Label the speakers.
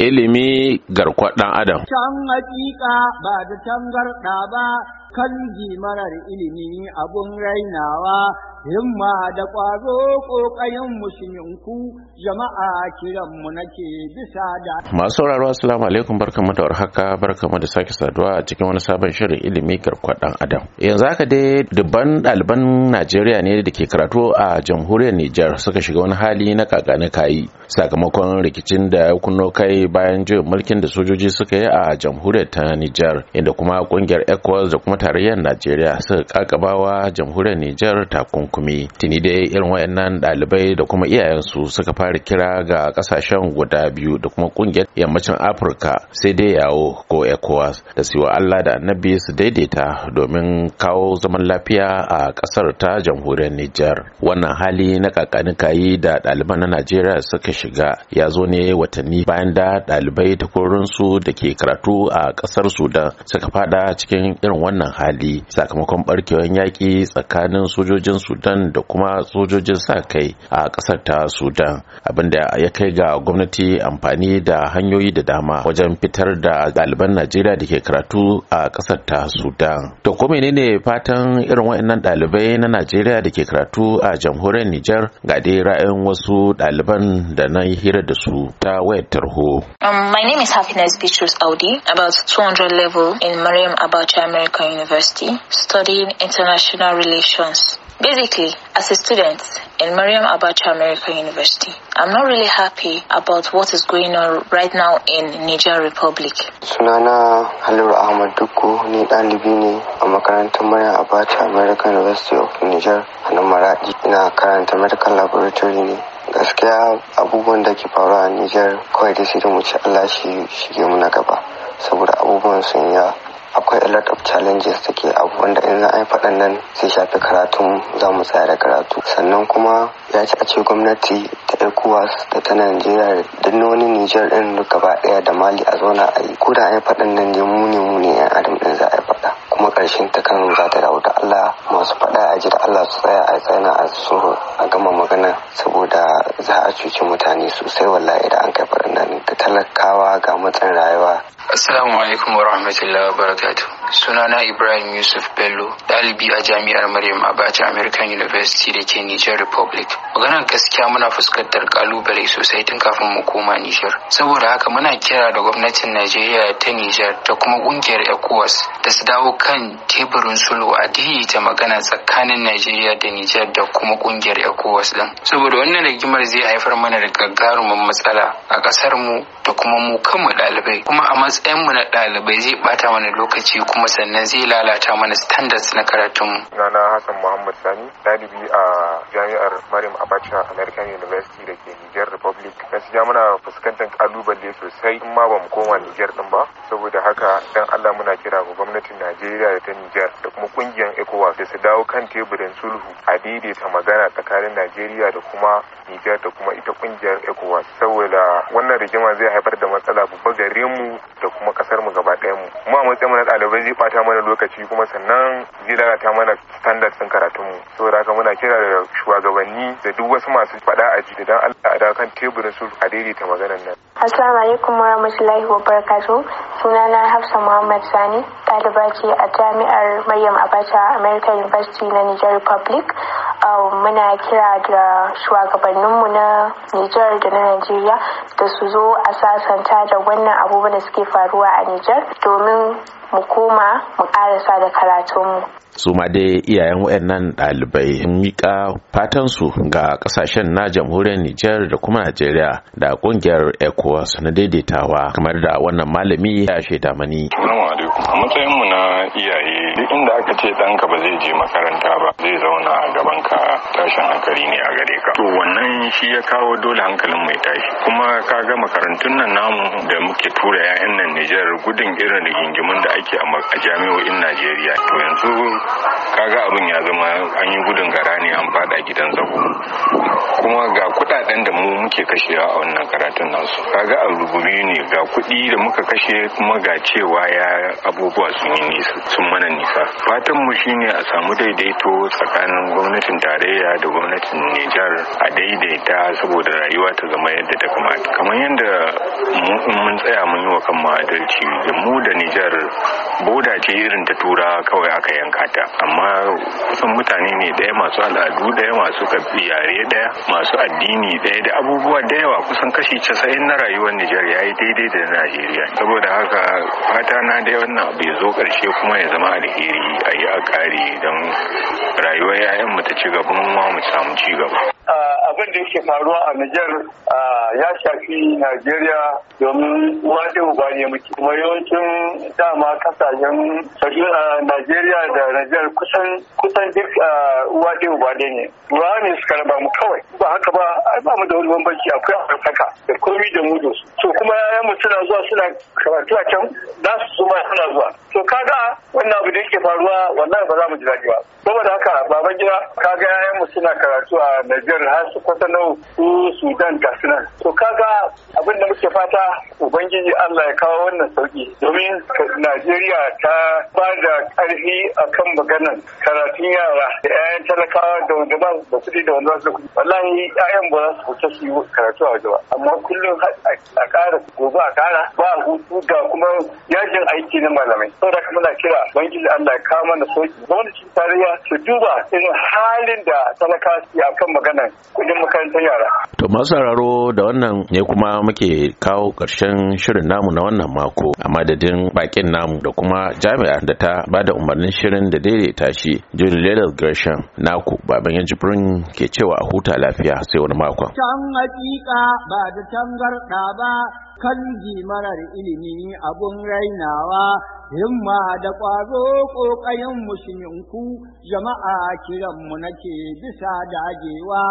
Speaker 1: ilimi garkwar ɗan adam.
Speaker 2: Can hakika ba da garɗa ba kan marar ilimi abun rainawa himma da ƙwazo ƙoƙayen musulunku jama'a kiranmu nake bisa da.
Speaker 1: Masu sauraro assalamu alaikum barkamu da warhaka barkamu da sake saduwa a cikin wani sabon shirin ilimi garkwar ɗan adam. Yanzu haka dai dubban ɗaliban Najeriya ne da ke karatu a jamhuriyar Nijar suka shiga wani hali na na kayi sakamakon rikicin da ya kunno kai bayan juyin mulkin da sojoji suka yi a jamhuriyar ta Nijar inda kuma kungiyar ECOWAS da kuma tarayyar Najeriya suka kakabawa jamhuriyar Nijar takunkumi. Tuni dai irin wayannan ɗalibai da kuma iyayensu suka fara kira ga kasashen guda biyu da kuma kungiyar yammacin Afirka sai dai yawo ko ECOWAS da siwa Allah da Annabi su daidaita domin kawo zaman lafiya a ƙasar ta jamhuriyar Nijar. Wannan hali na kakanin kayi da ɗaliban na Najeriya suka shiga ya zo ne watanni bayan da ɗalibai da su da ke karatu a kasar sudan suka fada cikin irin wannan hali sakamakon barkewar yaƙi tsakanin sojojin sudan da kuma sojojin sa kai a ƙasar ta sudan abinda ya kai ga gwamnati amfani da hanyoyi da dama wajen fitar da ɗaliban najeriya da ke karatu a ƙasar ta sudan to ko menene fatan irin waannan ɗalibai na najeriya da ke karatu a jamhuriyar nijar ga dai ra'ayin wasu ɗaliban da na yi hira da su ta wayar tarho.
Speaker 3: Um, my name is Happiness Bitrus Audi, about 200 level in Mariam Abacha American University, studying international relations. Basically, as a student in Mariam Abacha American University, I'm not really happy about what is going on right now in Niger Republic.
Speaker 2: Sunana Halilu Ahmad Dukku ni ɗalibi ne a makarantar Mariam Abacha American University of Niger a nan Maradi. Ina karanta Medical Laboratory ne. gaskiya abubuwan da ke faru a Nijar kawai dai sai da mu ci Allah shi shige mu na gaba saboda abubuwan sun ya akwai a lot of challenges da ke abu da in za a yi faɗan nan zai shafi karatun za mu tsaya da karatu sannan kuma ya ci a ce gwamnati ta ecowas da ta najeriya da wani nijar ɗin gaba ɗaya da mali a zauna a yi ko da an yi faɗan nan ne mu ne yan adam ɗin za a yi karshen ta kan za ta dawo da Allah masu faɗa a da Allah su tsaya a tsana a sulhu a gama magana saboda za a cuci mutane sosai wallahi da an kai faɗin nan ga talakawa ga matsin rayuwa. Assalamu alaikum wa rahmatullahi wa barakatuh. sunana
Speaker 3: ibrahim yusuf bello dalibi a jami'ar maryam abacha american university da ke niger republic maganar gaskiya muna fuskantar kalubale sosai tun kafin mu koma niger saboda haka muna kira da gwamnatin najeriya ta niger da kuma ƙungiyar ecowas da su dawo kan teburin sulhu a ta magana tsakanin najeriya da niger da kuma ƙungiyar ecowas din saboda wannan rigimar zai haifar mana da gagarumin matsala a ƙasar mu da kuma mu kanmu dalibai, kuma a matsayin mu na dalibai zai ɓata mana lokaci kuma kuma sannan zai lalata mana standards na karatun nana Hassan Muhammad Sani ɗalibi a jami'ar Maryam Abacha American University da ke Niger Republic ya muna fuskantar kalubale sosai in ma bamu koma Niger din ba saboda haka dan Allah muna kira ga gwamnatin Najeriya da ta Niger da kuma kungiyar ECOWAS da su dawo kan teburin sulhu a daidaita magana tsakanin Najeriya da kuma Niger da kuma ita kungiyar ECOWAS saboda wannan rigima zai haifar da matsala babba gare mu da kuma kasar mu gaba ɗaya mu mu a matsayin na ɗalibai zai bata mana lokaci kuma sannan zai lalata mana standard ɗin karatunmu saboda haka muna kira da shugabanni da duk wasu masu faɗa a jiki don Allah a dakan teburin su a daidaita maganar nan.
Speaker 2: Assalamu alaikum wa rahmatullahi wa sunana Hafsa Muhammad Sani ɗaliba ce a jami'ar Maryam Abacha American University na Niger Republic um, muna kira da mu na niger da na nigeria da su zo a sasanta da wannan abubuwan da suke faruwa a niger domin mu koma mu karasa da karatunmu
Speaker 1: su ma dai iyayen waɗannan ɗalibai miƙa fatansu ga ƙasashen na jamhuriyar Nijar da kuma Najeriya da ƙungiyar ECOWAS na daidaitawa kamar da wannan malami ya shaida mani.
Speaker 3: a matsayin mu na iyaye duk inda aka ce ɗanka ba zai je makaranta ba zai zauna a gaban ka tashin hankali ne a gare ka to wannan shi ya kawo dole hankalin mai tashi kuma ka ga makarantun nan namu da muke tura 'ya'yan nan Nijar gudun irin rigingimun da ake ake a jami'o'in Najeriya to yanzu kaga abin ya zama an yi gudun gara ne an fada gidan zago kuma ga kudaden da mu muke kashewa a wannan karatun nasu kaga a rubuni ne ga kuɗi da muka kashe kuma ga cewa ya abubuwa sun yi nisa sun mana nisa fatan mu shine a samu daidaito tsakanin gwamnatin tarayya da gwamnatin Nijar a daidaita saboda rayuwa ta zama yadda ta kamata kamar yadda mun tsaya mun yi wa kanmu adalci mu da Nijar boda ce irin ta tura kawai aka yanka ta amma kusan mutane ne daya masu al'adu daya masu yare daya masu addini daya da abubuwa da yawa kusan kashi casa'in na rayuwar Nijar ya yi daidai da Najeriya saboda haka fata na da wannan bai zo karshe kuma ya zama alheri a yi a kare don rayuwar 'ya'yanmu ta ci gaba mu mu samu ci gaba.
Speaker 2: da yake faruwa a Nijar ya shafi Najeriya domin uwa da uba ne muke kuma yawancin dama kasashen Najeriya da Nijar kusan kusan duk uwa da uba ne ruwa ne suka raba mu kawai ba haka ba ai ba mu da wani bambanci akwai albarkaka da komi da mudu To kuma yayan mu suna zuwa suna karatu a can za su zuma suna zuwa ka kaga wannan abu da yake faruwa wallahi ba za mu ji daɗi ba saboda haka baban gida kaga yayan mu suna karatu a Najeriya har su kusa nau su Sudan ga sunan to kaga abin da muke fata ubangiji Allah ya kawo wannan sauki domin Najeriya ta ba da ƙarfi a kan maganar karatun yara da 'ya'yan talakawa da wanda ba da kuɗi da wanda su kuɗi wallahi 'ya'yan ba za su fita su yi karatu a waje ba amma kullum a ƙara gobe a ƙara ba hutu ga kuma yajin aiki na malamai saboda haka muna kira ubangiji Allah ka mana soki gwamnatin tarayya su duba irin halin da talaka su a kan maganar kudin makarantar yara.
Speaker 1: To masu sauraro da wannan ne kuma muke kawo karshen shirin namu na wannan mako a madadin bakin namu da kuma jami'a da ta ba da umarnin shirin da daidaita shi Julie Lelal Gresham naku baban yanzu, burin ke cewa a huta lafiya sai wani makon.
Speaker 2: Can hakika ba da tangarɗa ba kan ji marar ilimi abun rainawa himma da ƙwazo ƙoƙayen musulminku jama'a kiranmu nake bisa dagewa